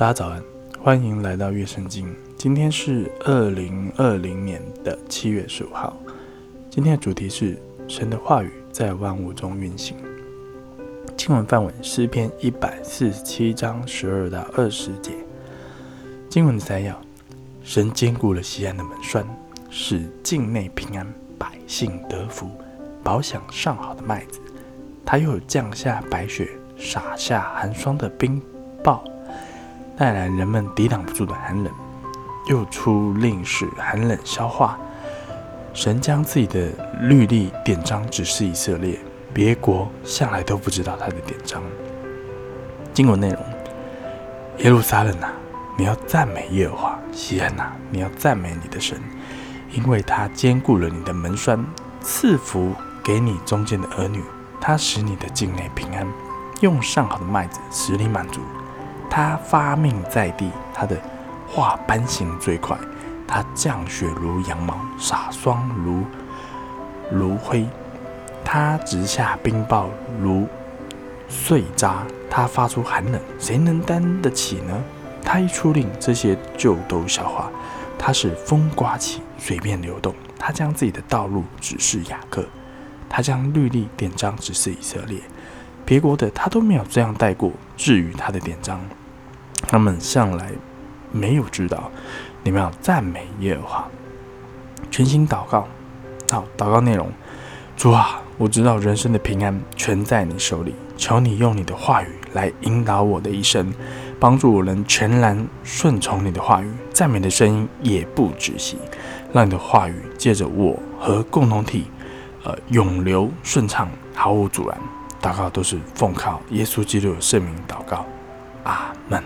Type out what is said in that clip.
大家早安，歡迎來到樂聖經。今天是二零二零年的七月十五號。今天的主題是神的話語在萬物中運行。經文範圍是詩篇一百四十七章十二到二十節。經文的摘要：神堅固了錫安的門閂，使境內平安，百姓得福，飽享上好的麥子。他又降下白雪，撒下寒霜的冰雹。帶來人們抵擋不住的寒冷，又出令使寒冷消化。神將自己的律例典章指示以色列，別國向來都不知道他的典章。經文內容：耶路撒冷啊，你要讚美耶和華；錫安啊，你要讚美你的神，因為他堅固了你的門閂，賜福給你中間的兒女，他使你的境內平安，用上好的麥子使你滿足。他發命在地，他的話頒行最快，他降雪如羊毛，撒霜如，如灰，他直下冰雹如碎渣，他發出寒冷，誰能擔得起呢？他一出令，這些就都消化。他使風颳起，水便流動。他將自己的道路指示雅各，他將律例典章指示以色列，別國的他都沒有這樣帶過。至於他的典章，他們向來沒有知道，你們要讚美耶和華，全心禱告。好、哦，禱告內容：主啊，我知道人生的平安全在你手裡，求你用你的話語來引導我的一生，幫助我能全然順從你的話語。讚美的聲音也不止息，讓你的話語借着我和共同體，呃，永流順暢，毫無阻攔。禱告都是奉靠耶穌基督的聖名禱告，阿門。